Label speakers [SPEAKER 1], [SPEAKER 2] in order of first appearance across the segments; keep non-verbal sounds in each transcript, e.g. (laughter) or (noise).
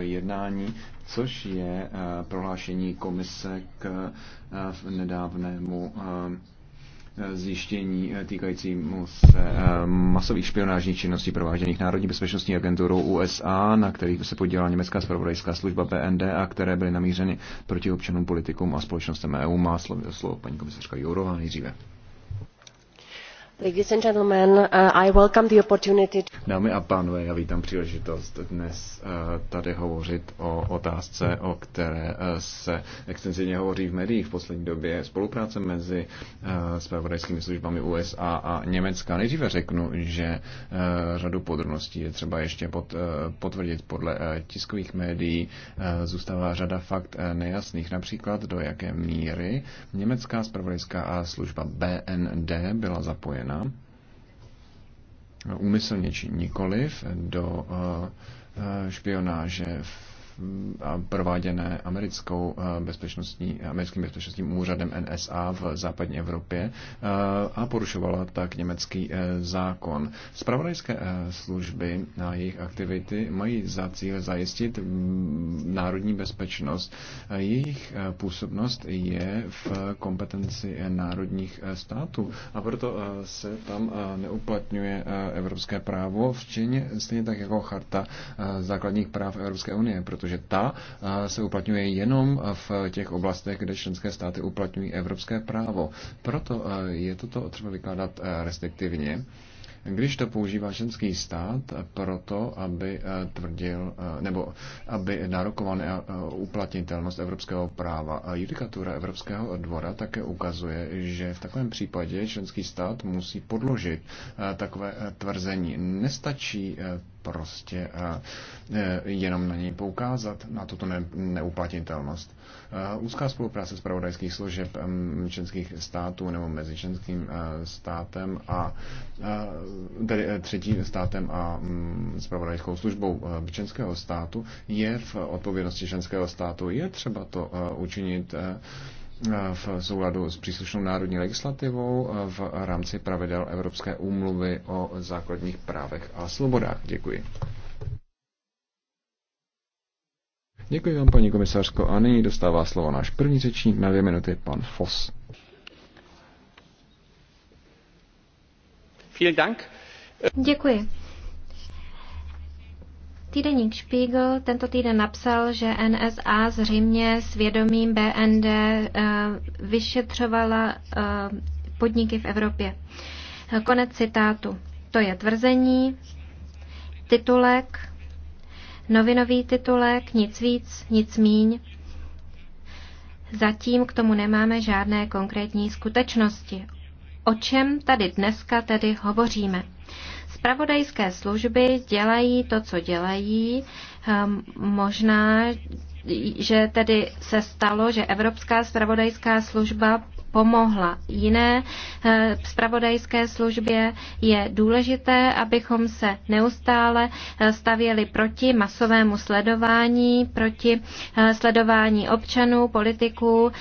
[SPEAKER 1] jednání, což je eh, prohlášení komise k eh, nedávnému eh, zjištění týkajícímu se masových špionážních činností prováděných Národní bezpečnostní agenturou USA, na kterých se podílela německá spravodajská služba BND a které byly namířeny proti občanům, politikům a společnostem EU. Má slovo, slovo paní komisařka Jourová nejdříve.
[SPEAKER 2] Uh,
[SPEAKER 1] Dámy a pánové, já vítám příležitost dnes uh, tady hovořit o otázce, o které uh, se extenzivně hovoří v médiích v poslední době. Spolupráce mezi spravodajskými službami USA a Německa. Nejdříve řeknu, že řadu podrobností je třeba ještě pod, potvrdit podle tiskových médií. Zůstává řada fakt nejasných, například do jaké míry německá spravodajská služba BND byla zapojena uvedena úmyslně či nikoliv do eh, špionáže v prováděné americkou eh, bezpečnostní, americkým bezpečnostním úřadem NSA v západní Evropě eh, a porušovala tak německý eh, zákon. Spravodajské služby a jejich aktivity mají za cíl zajistit mm, národní bezpečnost. Jejich působnost je v kompetenci národních států a proto se tam neuplatňuje evropské právo, včetně stejně tak jako charta základních práv Evropské unie, protože protože ta eh, se uplatňuje jenom v těch oblastech, kde členské státy uplatňují evropské právo. Proto eh, je toto třeba vykládat eh, restriktivně když to používá členský stát proto, aby tvrdil, nebo aby narokoval uplatnitelnost evropského práva. Judikatura Evropského dvora také ukazuje, že v takovém případě členský stát musí podložit takové tvrzení. Nestačí prostě eh, eh, jenom na něj poukázat, na tuto neuplatitelnost. Eh, úzká spolupráce s pravodajských služeb členských států nebo mezi členským státem a tedy třetím státem a spravodajskou mm, službou členského státu je v odpovědnosti členského státu. Je třeba to učinit v souladu s příslušnou národní legislativou v rámci pravidel Evropské úmluvy o základních právech a svobodách. Děkuji. Děkuji vám, paní komisařko. A nyní dostává slovo náš první řečník na dvě minuty, pan Foss.
[SPEAKER 2] Vielen Dank.
[SPEAKER 3] Děkuji. Týdeník Spiegel tento týden napsal, že NSA zřejmě svědomím BND eh, vyšetřovala eh, podniky v Evropě. Konec citátu. To je tvrzení, titulek, novinový titulek, nic víc, nic míň. Zatím k tomu nemáme žádné konkrétní skutečnosti. O čem tady dneska tedy hovoříme? Spravodajské služby dělají to, co dělají. Ehm, možná, že tedy se stalo, že Evropská spravodajská služba pomohla jiné eh, spravodajské službě. Je důležité, abychom se neustále eh, stavěli proti masovému sledování, proti eh, sledování občanů, politiků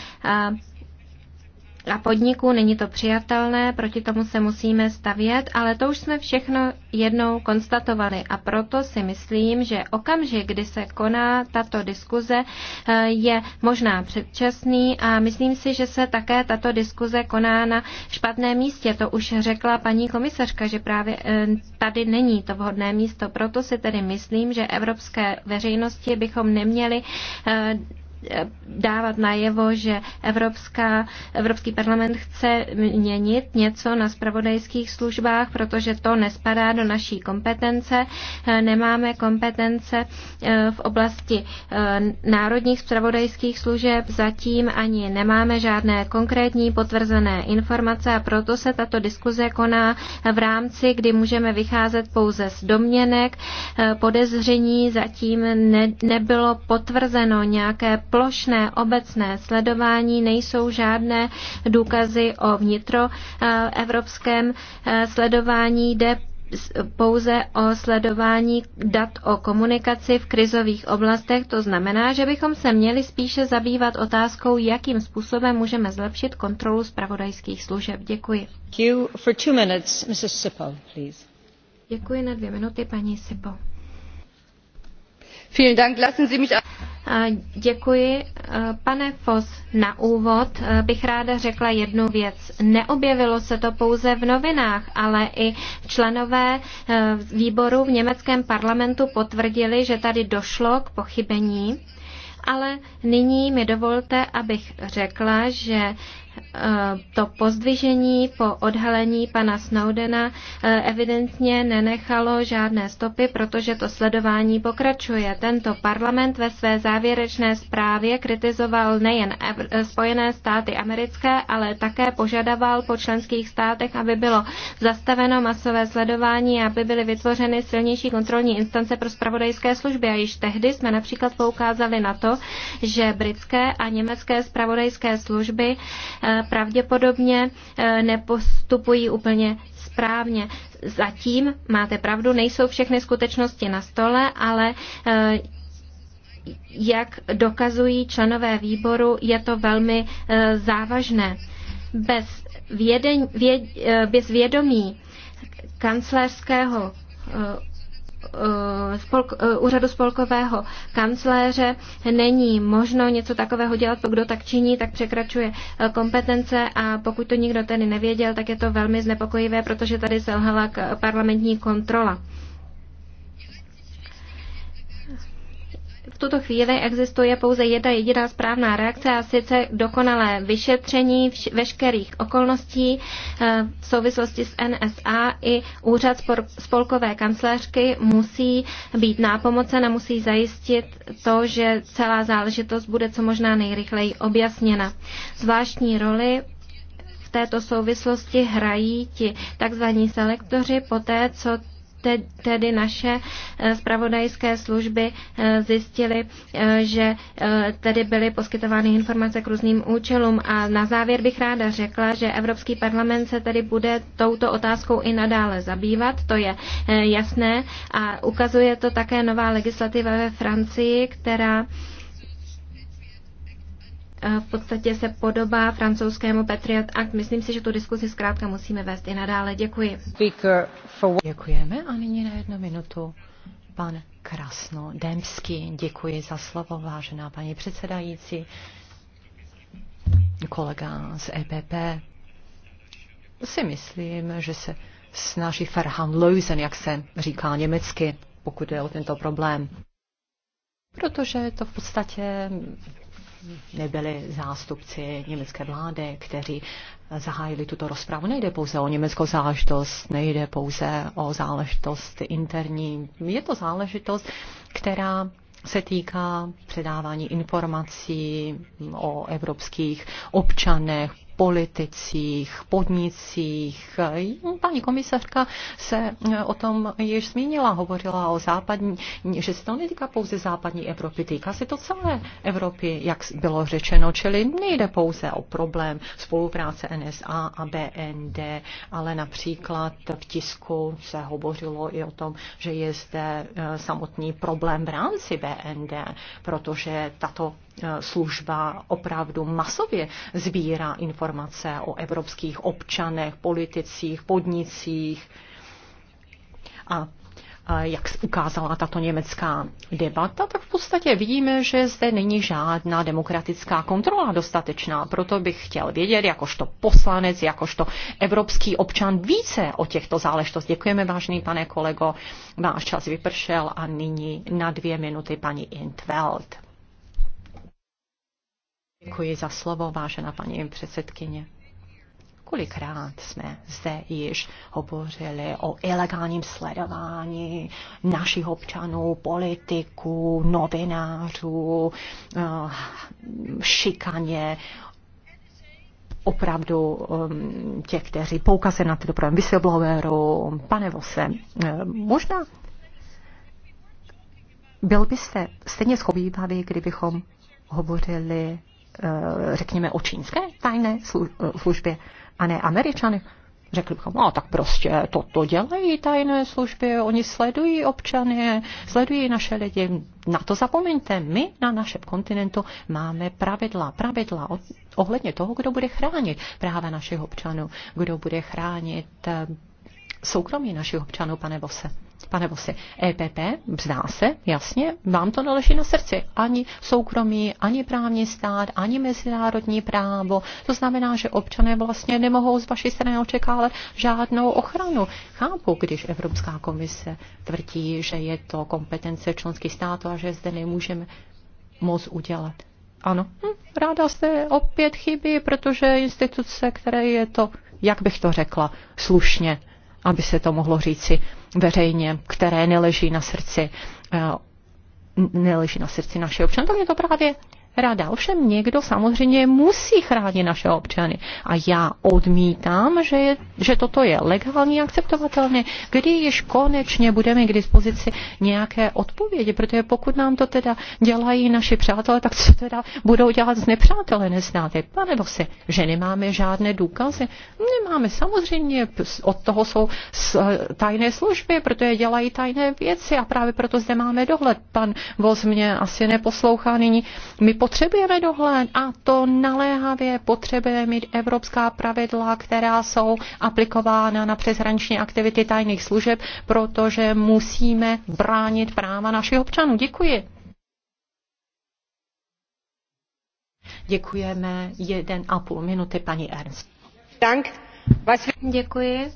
[SPEAKER 3] a podniků. Není to přijatelné, proti tomu se musíme stavět, ale to už jsme všechno jednou konstatovali a proto si myslím, že okamžik, kdy se koná tato diskuze, eh, je možná předčasný a myslím si, že se také tato diskuze koná na špatném místě. To už řekla paní komisařka, že právě eh, tady není to vhodné místo. Proto si tedy myslím, že evropské veřejnosti bychom neměli eh, dávat najevo, že Evropská, Evropský parlament chce měnit něco na spravodajských službách, protože to nespadá do naší kompetence. Eh, nemáme kompetence eh, v oblasti eh, národních spravodajských služeb, zatím ani nemáme žádné konkrétní potvrzené informace a proto se tato diskuze koná v rámci, kdy můžeme vycházet pouze z doměnek. Podezření zatím ne, nebylo potvrzeno nějaké plošné obecné sledování, nejsou žádné důkazy o vnitroevropském eh, eh, sledování, jde pouze o sledování dat o komunikaci v krizových oblastech. To znamená, že bychom se měli spíše zabývat otázkou, jakým způsobem můžeme zlepšit kontrolu zpravodajských služeb. Děkuji. Děkuji, for two minutes, Mrs. please. Děkuji na dvě minuty, paní Sipo. Děkuji. E, pane Fos, na úvod e, bych ráda řekla jednu věc. Neobjevilo se to pouze v novinách, ale i členové e, výboru v německém parlamentu potvrdili, že tady došlo k pochybení. Ale nyní mi dovolte, abych řekla, že Eh, to pozdvižení po odhalení pana Snowdena eh, evidentně nenechalo žádné stopy, protože to sledování pokračuje. Tento parlament ve své závěrečné zprávě kritizoval nejen eh, Spojené státy americké, ale také požadoval po členských státech, aby bylo zastaveno masové sledování a aby byly vytvořeny silnější kontrolní instance pro spravodajské služby. A již tehdy jsme například poukázali na to, že britské a německé spravodajské služby E, pravděpodobně e, nepostupují úplně správně. Zatím, máte pravdu, nejsou všechny skutečnosti na stole, ale e, jak dokazují členové výboru, je to velmi závažné. Bez, věden, věd, bez vědomí kancelářského. Eh, spolk, eh, úřadu spolkového kancléře není možno něco takového dělat. Pokud kdo tak činí, tak překračuje eh, kompetence a pokud to nikdo tedy nevěděl, tak je to velmi znepokojivé, protože tady selhala parlamentní kontrola. v tuto chvíli existuje pouze jedna jediná správná reakce a sice dokonalé vyšetření veškerých okolností eh, v souvislosti s NSA i úřad spolkové kancelářky musí být nápomocen a musí zajistit to, že celá záležitost bude co možná nejrychleji objasněna. Zvláštní roli v této souvislosti hrají ti takzvaní selektoři poté, co tedy naše eh, zpravodajské služby eh, zjistily, eh, že tedy byly poskytovány informace k různým účelům. A na závěr bych ráda řekla, že Evropský parlament se tedy bude touto otázkou i nadále zabývat, to je jasné. A ukazuje to také nová legislativa ve Francii, která v podstatě se podobá francouzskému Patriot Act. Myslím si, že tu diskuzi zkrátka musíme vést i nadále. Děkuji.
[SPEAKER 2] Děkujeme a nyní na jednu minutu pan Krasno Demský. Děkuji za slovo, vážená paní předsedající, kolega z EPP. Si myslím, že se snaží Farhan Lösen, jak se říká německy, pokud je o tento problém. Protože to v podstatě nebyli zástupci německé vlády, kteří zahájili tuto rozpravu. Nejde pouze o německou záležitost, nejde pouze o záležitost interní. Je to záležitost, která se týká předávání informací o evropských občanech, politicích, podnicích. Paní komisařka se eh, o tom již zmínila, hovořila o západní, že se to netýká pouze západní Evropy, týká se to celé Evropy, jak bylo řečeno, čili nejde pouze o problém spolupráce NSA a BND, ale například v tisku se hovořilo i o tom, že je zde eh, samotný problém v rámci BND, protože tato Eh, služba opravdu masově sbírá informace o evropských občanech, politicích, podnicích. A eh, jak ukázala tato německá debata, tak v podstatě vidíme, že zde není žádná demokratická kontrola dostatečná. Proto bych chtěl vědět, jakožto poslanec, jakožto evropský občan, více o těchto záležitostech. Děkujeme, vážný pane kolego. Váš čas vypršel a nyní na dvě minuty paní Intveld. Děkuji za slovo, vážená paní předsedkyně. Kolikrát jsme zde již hovořili o ilegálním sledování našich občanů, politiků, novinářů, eh, šikaně, opravdu eh, těch, kteří poukazují na tyto problémy whistleblowerů, pane Vose, eh, možná byl byste stejně schovývavý, kdybychom hovořili Eh, řekněme, o čínské tajné eh, službě a ne američany. Řekli bychom, no tak prostě toto dělají tajné služby, oni sledují občany, sledují naše lidi. Na to zapomeňte, my na našem kontinentu máme pravidla, pravidla ohledně toho, kdo bude chránit práva našich občanů, kdo bude chránit eh, soukromí našich občanů, pane Bose. Pane Bose, EPP, zdá se, jasně, vám to naleží na srdci. Ani soukromí, ani právní stát, ani mezinárodní právo. To znamená, že občané vlastně nemohou z vaší strany očekávat žádnou ochranu. Chápu, když Evropská komise tvrdí, že je to kompetence členských států a že zde nemůžeme moc udělat. Ano, hm, ráda se opět chybí, protože instituce, které je to, jak bych to řekla, slušně aby se to mohlo říci veřejně, které neleží na srdci eh, neleží na srdci naše občan, tak je to právě rada. Ovšem někdo samozřejmě musí chránit naše občany. A já odmítám, že, je, že toto je a akceptovatelné, když konečně budeme k dispozici nějaké odpovědi, protože pokud nám to teda dělají naši přátelé, tak co teda budou dělat z nepřátelé neznáte? Pane Vose, že nemáme žádné důkazy? Nemáme, samozřejmě od toho jsou tajné služby, protože dělají tajné věci a právě proto zde máme dohled. Pan Vos mě asi neposlouchá nyní. My potřebujeme dohled a to naléhavě potřebujeme mít evropská pravidla, která jsou aplikována na přeshraniční aktivity tajných služeb, protože musíme bránit práva našich občanů. Děkuji. Děkujeme jeden a půl minuty paní Ernst.
[SPEAKER 3] Děkuji.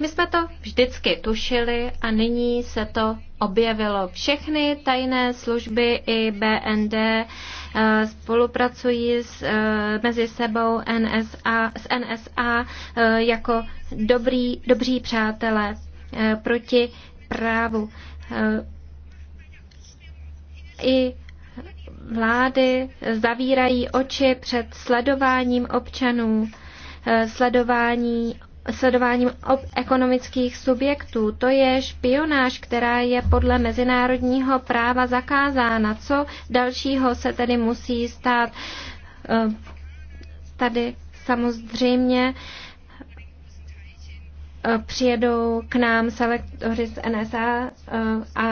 [SPEAKER 3] My jsme to vždycky tušili a nyní se to objevilo. Všechny tajné služby i BND eh, spolupracují s, eh, mezi sebou NSA, s NSA eh, jako dobrý, dobří přátelé proti právu. I vlády zavírají oči před sledováním občanů, sledování sledováním ekonomických subjektů. To je špionáž, která je podle mezinárodního práva zakázána. Co dalšího se tedy musí stát? Eh, tady samozřejmě eh, přijedou k nám selektory z NSA a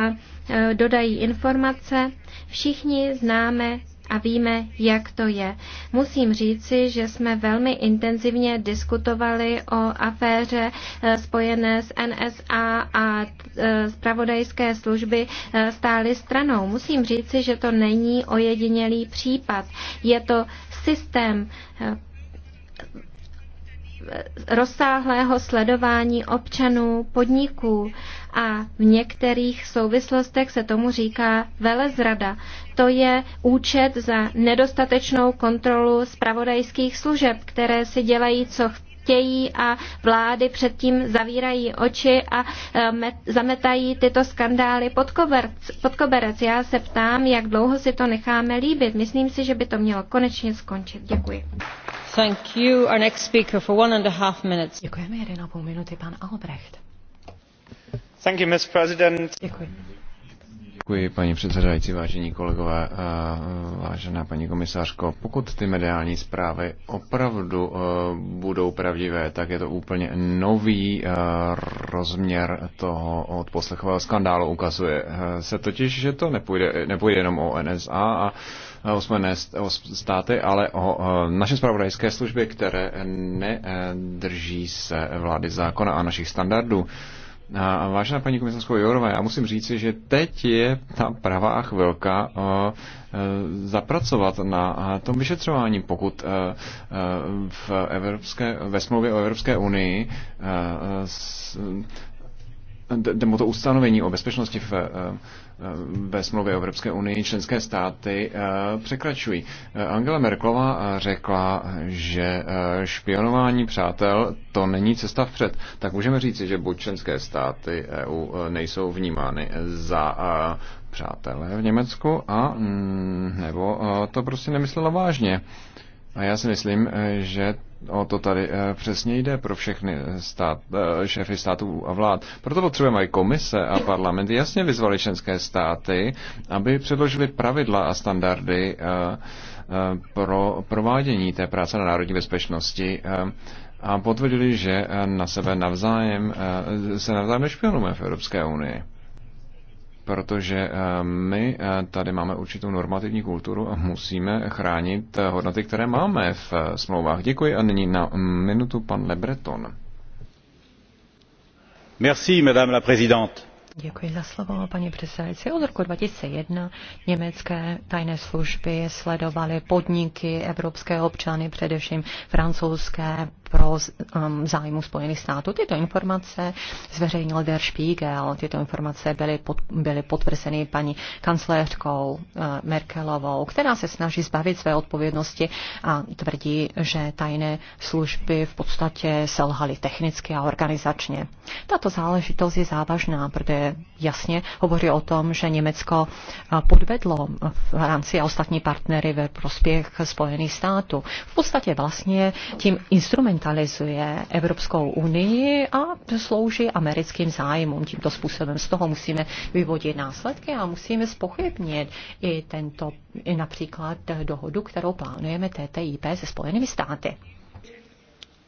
[SPEAKER 3] eh, dodají informace. Všichni známe a víme, jak to je. Musím říci, že jsme velmi intenzivně diskutovali o aféře eh, spojené s NSA a eh, zpravodajské služby eh, stály stranou. Musím říci, že to není ojedinělý případ. Je to systém rozsáhlého sledování občanů, podniků a v některých souvislostech se tomu říká velezrada. To je účet za nedostatečnou kontrolu spravodajských služeb, které si dělají, co chtějí chtějí a vlády předtím zavírají oči a e, met, zametají tyto skandály pod, koberc, pod koberec. Já se ptám, jak dlouho si to necháme líbit. Myslím si, že by to mělo konečně skončit. Děkuji.
[SPEAKER 2] Thank you. Our next speaker for one and a half minutes. Děkujeme, jeden a půl minuty, pan Albrecht.
[SPEAKER 1] Thank you, Ms. President. Děkuji. Děkuji, paní předsedající, vážení kolegové, vážená paní komisářko. Pokud ty mediální zprávy opravdu budou pravdivé, tak je to úplně nový rozměr toho odposlechového skandálu. Ukazuje se totiž, že to nepůjde, nepůjde jenom o NSA a osmené státy, ale o naše spravodajské služby, které nedrží se vlády zákona a našich standardů. A vážená paní komisařko Jorová, já musím říci, že teď je ta pravá chvilka eh, eh, zapracovat na eh, tom vyšetřování, pokud v Evropské, ve smlouvě o Evropské unii nebo to ustanovení o bezpečnosti v, eh, eh, ve smlouvě o Evropské unii členské státy eh, překračují. Angela Merklová řekla, že špionování přátel to není cesta vpřed. Tak můžeme říci, že buď členské státy EU nejsou vnímány za přátelé v Německu, a mm, nebo to prostě nemyslela vážně. A já si myslím, eh, že o to tady eh, přesně jde pro všechny stát, eh, šéfy států a vlád. Proto potřebujeme i komise a parlament jasně vyzvali členské státy, aby předložili pravidla a standardy pro provádění té práce na národní bezpečnosti a potvrdili, že na sebe navzájem se navzájem nešpionujeme v Evropské unii protože eh, my eh, tady máme určitou normativní kulturu a musíme chránit eh, hodnoty, které máme v smlouvách. Děkuji a nyní na mm, minutu pan Lebreton. Merci, madame la présidente
[SPEAKER 2] Děkuji za slovo, paní předsedající. Od roku 2001 německé tajné služby sledovaly podniky evropské občany, především francouzské, pro um, zájmu Spojených států. Tyto informace zveřejnil Der Spiegel. Tyto informace byly, pod, byly potvrzeny paní kancléřkou uh, Merkelovou, která se snaží zbavit své odpovědnosti a tvrdí, že tajné služby v podstatě selhaly technicky a organizačně. Tato záležitost je závažná, protože jasně hovoří o tom, že Německo podvedlo Francii a ostatní partnery ve prospěch Spojených států. V podstatě vlastně tím instrumentalizuje Evropskou unii a slouží americkým zájmům tímto způsobem. Z toho musíme vyvodit následky a musíme spochybnit i tento, i například dohodu, kterou plánujeme TTIP se Spojenými státy.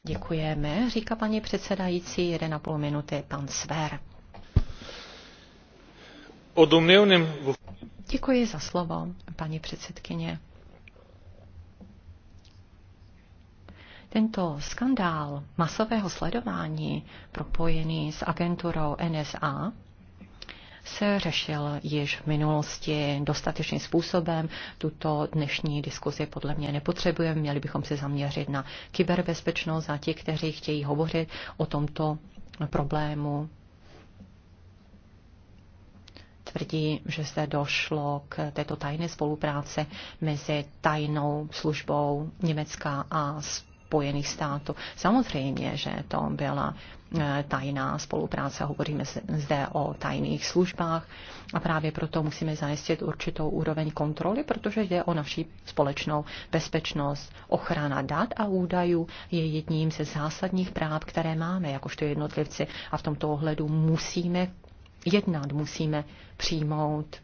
[SPEAKER 2] Děkujeme, říká paní předsedající, 1,5 minuty, pan
[SPEAKER 1] Sver o domnevném...
[SPEAKER 2] Děkuji za slovo, paní předsedkyně. Tento skandál masového sledování propojený s agenturou NSA se řešil již v minulosti dostatečným způsobem. Tuto dnešní diskuzi podle mě nepotřebujeme. Měli bychom se zaměřit na kyberbezpečnost a ti, kteří chtějí hovořit o tomto problému tvrdí, že se došlo k této tajné spolupráci mezi tajnou službou Německa a Spojených států. Samozřejmě, že to byla e, tajná spolupráce, hovoříme zde o tajných službách a právě proto musíme zajistit určitou úroveň kontroly, protože jde o naši společnou bezpečnost. Ochrana dat a údajů je jedním ze zásadních práv, které máme jakožto jednotlivci a v tomto ohledu musíme jednat, musíme přijmout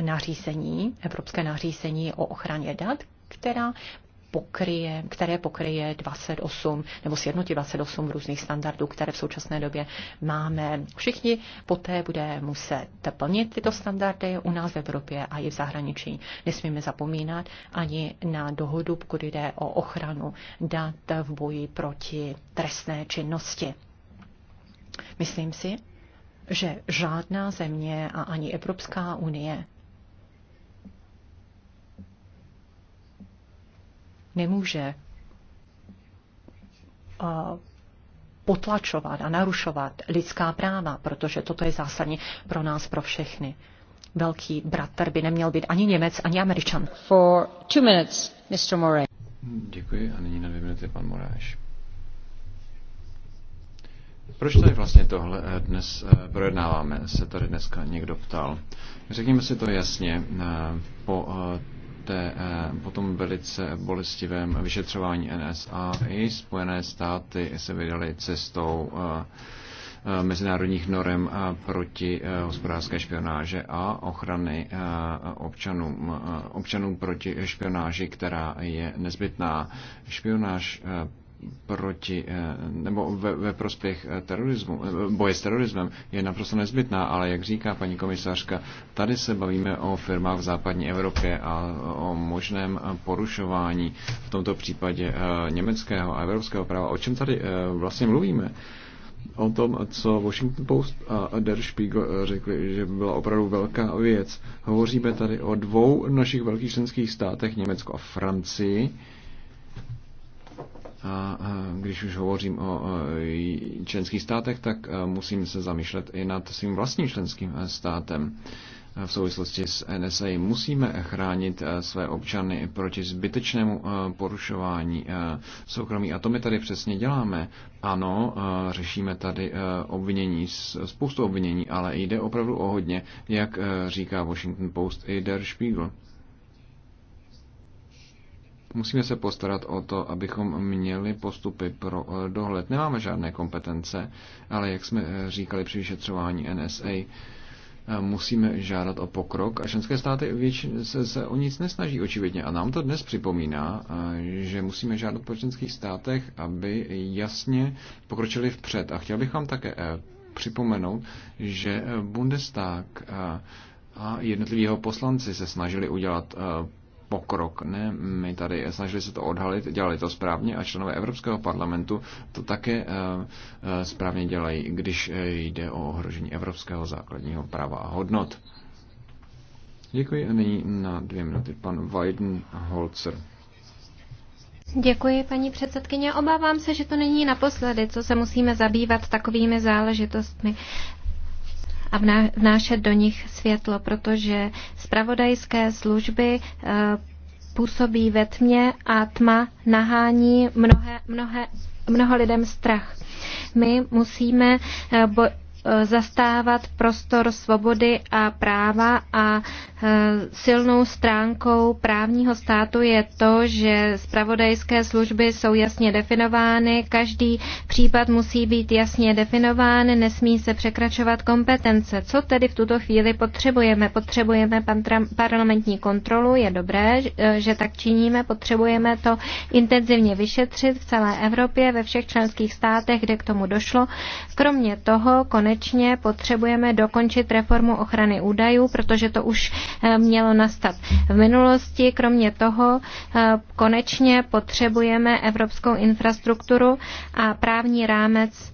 [SPEAKER 2] nařízení, evropské nařízení o ochraně dat, která pokryje, které pokryje 28 nebo sjednotí 28 různých standardů, které v současné době máme. Všichni poté bude muset plnit tyto standardy u nás v Evropě a i v zahraničí. Nesmíme zapomínat ani na dohodu, pokud jde o ochranu dat v boji proti trestné činnosti. Myslím si, že žádná země a ani Evropská unie nemůže eh, potlačovat a narušovat lidská práva, protože toto je zásadní pro nás, pro všechny. Velký bratr by neměl být ani Němec, ani Američan. For two minutes, Mr.
[SPEAKER 1] Děkuji a nyní na dvě minuty pan Moráš. Proč tady vlastně tohle eh, dnes eh, projednáváme, se tady dneska někdo ptal. Řekněme si to jasně, eh, po, té, po tom velice bolestivém vyšetřování NSA i Spojené státy se vydaly cestou mezinárodních norem proti hospodářské špionáže a ochrany občanům, občanům proti špionáži, která je nezbytná. Špionáž proti, eh, nebo ve, ve prospěch eh, terorismu, eh, boje s terorismem je naprosto nezbytná, ale jak říká paní komisařka, tady se bavíme o firmách v západní Evropě a o možném porušování v tomto případě německého a evropského práva. O čem tady vlastně mluvíme? O tom, co Washington Post a Der Spiegel řekli, že byla opravdu velká věc. Hovoříme tady o dvou našich velkých členských státech, Německo a Francii, a když už hovořím o e, členských státech, tak e, musím se zamýšlet i nad svým vlastním členským e, státem v souvislosti s NSA. Musíme chránit své občany proti zbytečnému porušování soukromí. A to my tady přesně děláme. Ano, řešíme tady obvinění, spoustu obvinění, ale jde opravdu o hodně, jak říká Washington Post i Der Spiegel. Musíme se postarat o to, abychom měli postupy pro eh, dohled. Nemáme žádné kompetence, ale jak jsme eh, říkali při vyšetřování NSA, eh, musíme žádat o pokrok a členské státy se, se o nic nesnaží očividně. A nám to dnes připomíná, že musíme žádat po členských státech, aby jasně pokročili vpřed. A chtěl bych vám také připomenout, že Bundestag a jednotliví jeho poslanci se snažili udělat pokrok. Ne, my tady snažili se to odhalit, dělali to správně a členové Evropského parlamentu to také eh, eh, správně dělají, když eh, jde o ohrožení evropského základního práva a hodnot. Děkuji a nyní na dvě minuty pan Holzer.
[SPEAKER 3] Děkuji, paní předsedkyně. Obávám se, že to není naposledy, co se musíme zabývat takovými záležitostmi a vnášet do nich světlo, protože spravodajské služby eh, působí ve tmě a tma nahání mnohé, mnohé, mnoho lidem strach. My musíme eh, Eh, zastávat prostor svobody a práva a eh, silnou stránkou právního státu je to, že spravodajské služby jsou jasně definovány, každý případ musí být jasně definován, nesmí se překračovat kompetence. Co tedy v tuto chvíli potřebujeme? Potřebujeme parlamentní kontrolu, je dobré, eh, že tak činíme, potřebujeme to intenzivně vyšetřit v celé Evropě, ve všech členských státech, kde k tomu došlo. Kromě toho, konečně konečně potřebujeme dokončit reformu ochrany údajů, protože to už eh, mělo nastat v minulosti. Kromě toho eh, konečně potřebujeme evropskou infrastrukturu a právní rámec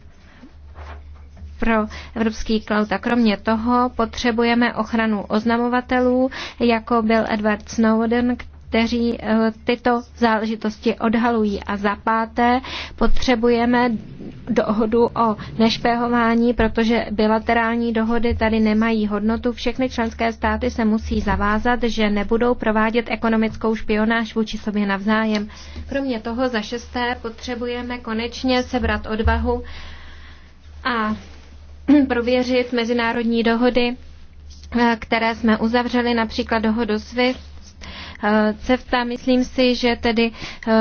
[SPEAKER 3] pro Evropský cloud. A kromě toho potřebujeme ochranu oznamovatelů, jako byl Edward Snowden, který kteří eh, tyto záležitosti odhalují. A za páté potřebujeme dohodu o nešpehování, protože bilaterální dohody tady nemají hodnotu. Všechny členské státy se musí zavázat, že nebudou provádět ekonomickou špionáž vůči sobě navzájem. Kromě toho za šesté potřebujeme konečně sebrat odvahu a (clears throat) prověřit mezinárodní dohody, eh, které jsme uzavřeli, například dohodu SWIFT, Eh, CEFTA. Myslím si, že tedy eh,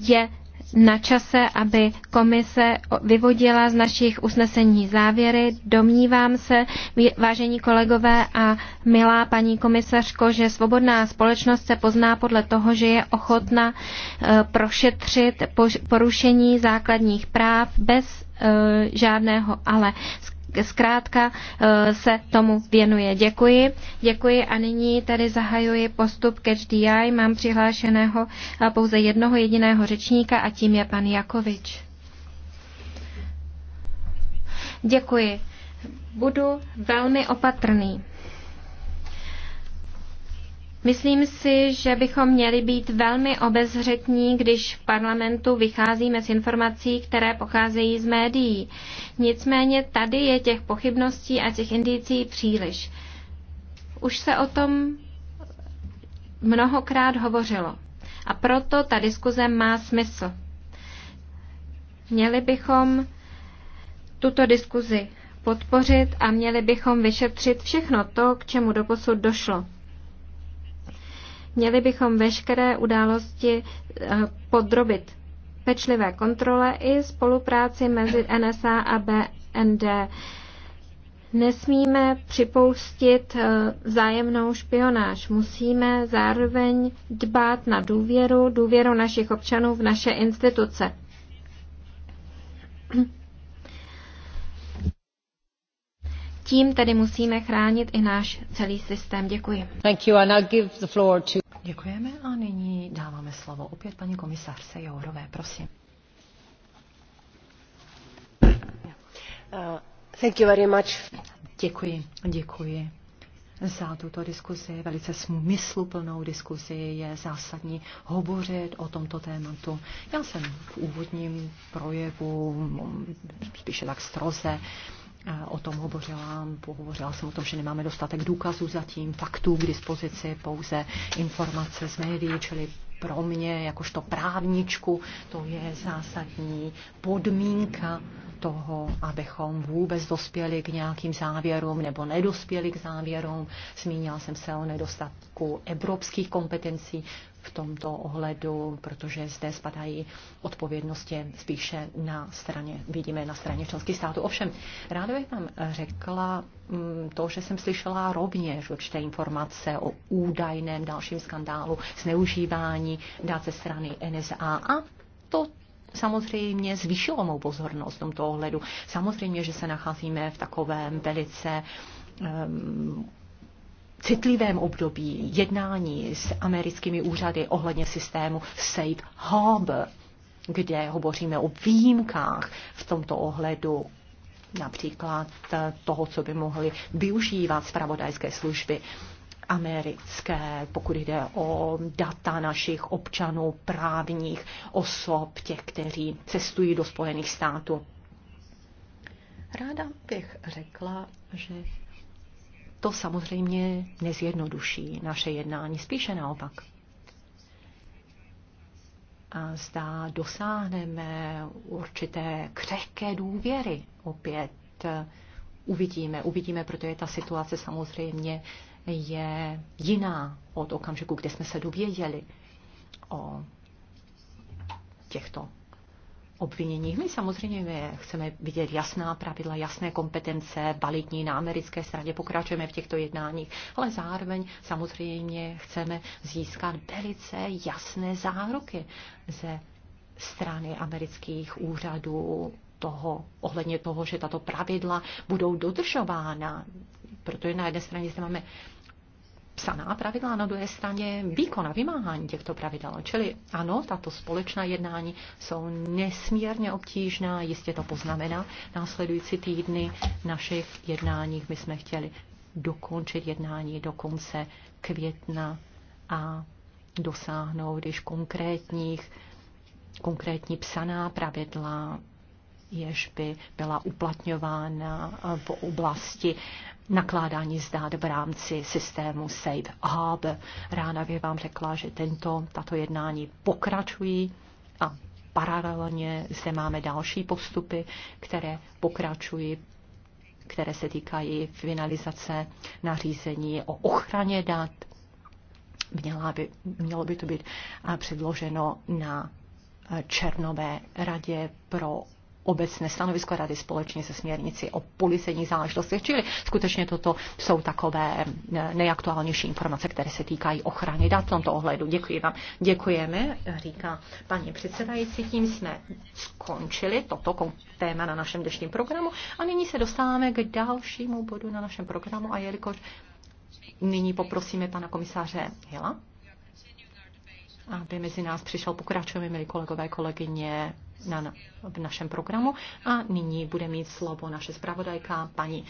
[SPEAKER 3] je na čase, aby komise vyvodila z našich usnesení závěry. Domnívám se, vážení kolegové a milá paní komisařko, že svobodná společnost se pozná podle toho, že je ochotna eh, prošetřit porušení základních práv bez žádného ale zkrátka eh, se tomu věnuje. Děkuji. Děkuji a nyní tady zahajuji postup Catch DI. Mám přihlášeného eh, pouze jednoho jediného řečníka a tím je pan Jakovič. Děkuji. Budu velmi opatrný. Myslím si, že bychom měli být velmi obezřetní, když v parlamentu vycházíme z informací, které pocházejí z médií. Nicméně tady je těch pochybností a těch indicí příliš. Už se o tom mnohokrát hovořilo. A proto ta diskuze má smysl. Měli bychom tuto diskuzi podpořit a měli bychom vyšetřit všechno to, k čemu doposud došlo. Měli bychom veškeré události eh, podrobit pečlivé kontrole i spolupráci mezi NSA a BND. Nesmíme připustit eh, vzájemnou špionáž. Musíme zároveň dbát na důvěru, důvěru našich občanů v naše instituce. Tím tedy musíme chránit i náš celý systém. Děkuji.
[SPEAKER 2] Thank you. And I'll give the floor to... Děkujeme a nyní dáváme slovo opět paní komisárce Jourové. Prosím. Uh, thank you very much. Děkuji, děkuji za tuto diskuzi, velice smysluplnou diskuzi, je zásadní hovořit o tomto tématu. Já jsem v úvodním projevu, spíše tak stroze, o tom hovořila, pohovořila jsem o tom, že nemáme dostatek důkazů zatím, faktů k dispozici, pouze informace z médií, čili pro mě, jakožto právničku, to je zásadní podmínka toho, abychom vůbec dospěli k nějakým závěrům nebo nedospěli k závěrům. Zmínila jsem se o nedostatku evropských kompetencí v tomto ohledu, protože zde spadají odpovědnosti spíše na straně, vidíme na straně členských států. Ovšem, ráda bych vám řekla mm, to, že jsem slyšela rovněž určité informace o údajném dalším skandálu zneužívání dát ze strany NSA a to samozřejmě zvýšilo mou pozornost v tomto ohledu. Samozřejmě, že se nacházíme v takovém velice um, citlivém období jednání s americkými úřady ohledně systému Safe Harbor, kde hovoříme o výjimkách v tomto ohledu například toho, co by mohly využívat zpravodajské služby americké, pokud jde o data našich občanů, právních osob, těch, kteří cestují do Spojených států. Ráda bych řekla, že to samozřejmě nezjednoduší naše jednání, spíše naopak. A zdá dosáhneme určité křehké důvěry opět uvidíme. Uvidíme, protože ta situace samozřejmě je jiná od okamžiku, kdy jsme se dověděli o těchto obviněních. My samozřejmě my chceme vidět jasná pravidla, jasné kompetence, validní na americké straně, pokračujeme v těchto jednáních, ale zároveň samozřejmě chceme získat velice jasné záruky ze strany amerických úřadů toho, ohledně toho, že tato pravidla budou dodržována. Protože na jedné straně zde máme psaná pravidla, na druhé straně výkon a vymáhání těchto pravidel. Čili ano, tato společná jednání jsou nesmírně obtížná, jistě to poznamená následující týdny našich jednáních. My jsme chtěli dokončit jednání do konce května a dosáhnout když konkrétních, konkrétní psaná pravidla, jež by byla uplatňována v oblasti nakládání s v rámci systému Safe Harbor. Rána bych vám řekla, že tento, tato jednání pokračují a paralelně zde máme další postupy, které pokračují které se týkají finalizace nařízení o ochraně dat. Měla by, mělo by to být eh, předloženo na eh, Černové radě pro obecné stanovisko rady společně se směrnici o policejních záležitostech, čili skutečně toto jsou takové eh, nejaktuálnější informace, které se týkají ochrany dat v tomto ohledu. Děkuji vám. Děkujeme, říká paní předsedající. Tím jsme skončili toto téma na našem dnešním programu a nyní se dostáváme k dalšímu bodu na našem programu a jelikož nyní poprosíme pana komisáře Hila, aby mezi nás přišel. Pokračujeme, milí kolegové, kolegyně na, v našem programu. A nyní bude mít slovo naše zpravodajka paní